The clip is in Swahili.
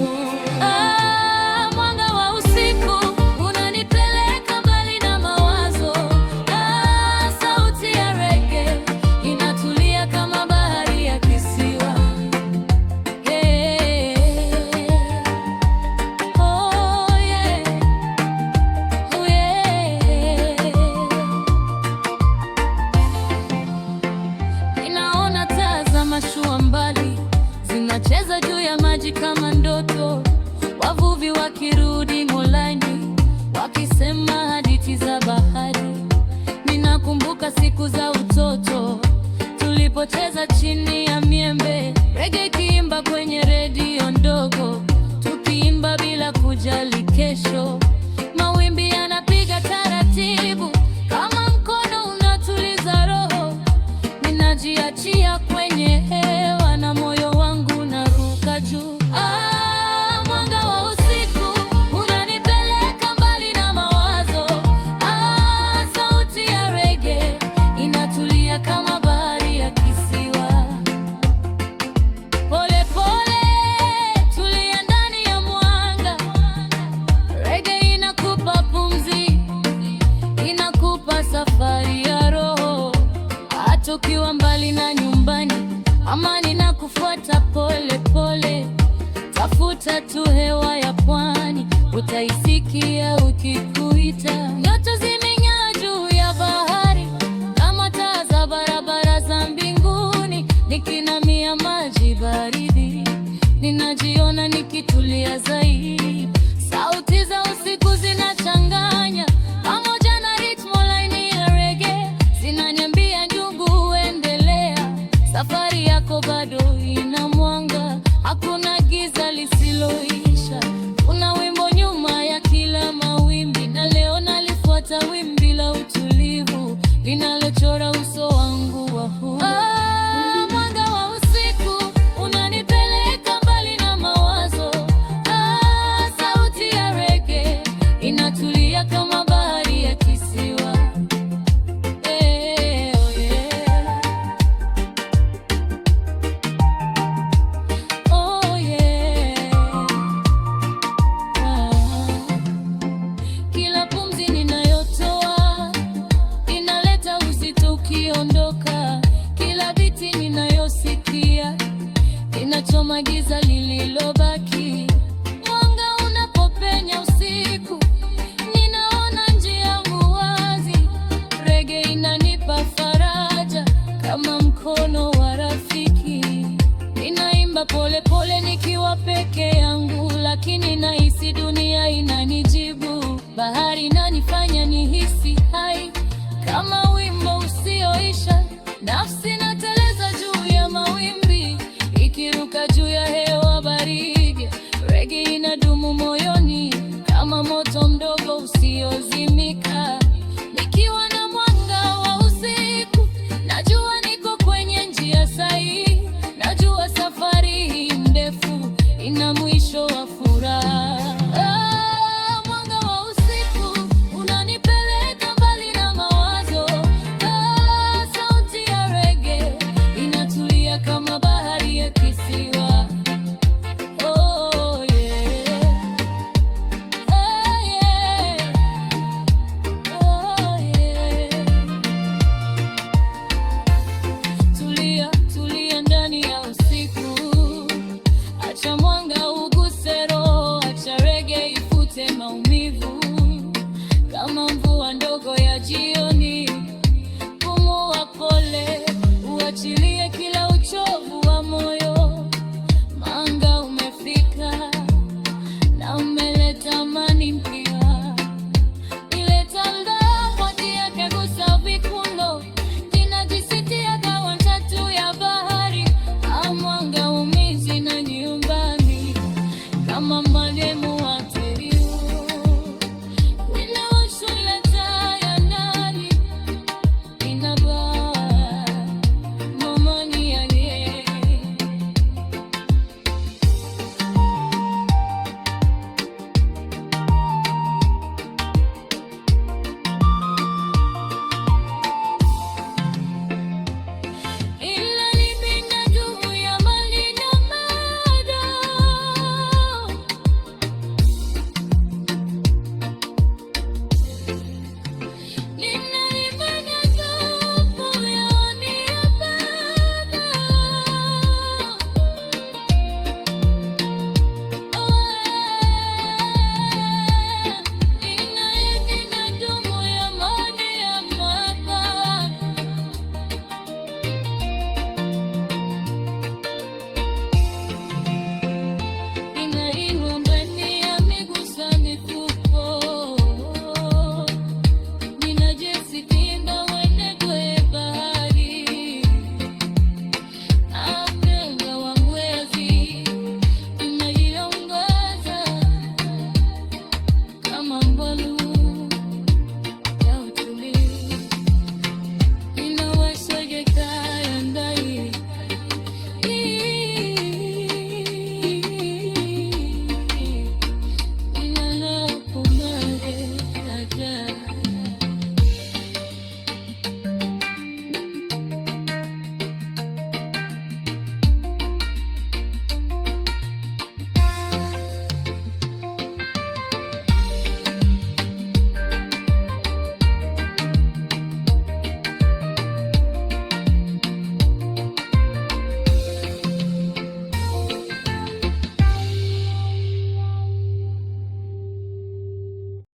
Oh. Cheza juu ya maji kama ndoto, wavuvi wakirudi ngolani, wakisema hadithi za bahari. Ninakumbuka siku za utoto tulipocheza chini ya miembe. ukiwa mbali na nyumbani, amani na kufuata pole pole. Tafuta tu hewa ya pwani, utaisikia ukikuita. nyoto zimeng'aa juu ya bahari kama taa za barabara za mbinguni. Nikinamia maji baridi, ninajiona nikitulia zaidi. Sauti za usiku zina llora lakini nahisi dunia inanijibu. Bahari inanifanya nihisi hai kama wimbo usioisha, nafsi nateleza juu ya mawimbi, ikiruka juu ya hewa baridi. Rege inadumu moyoni kama moto mdogo usiozi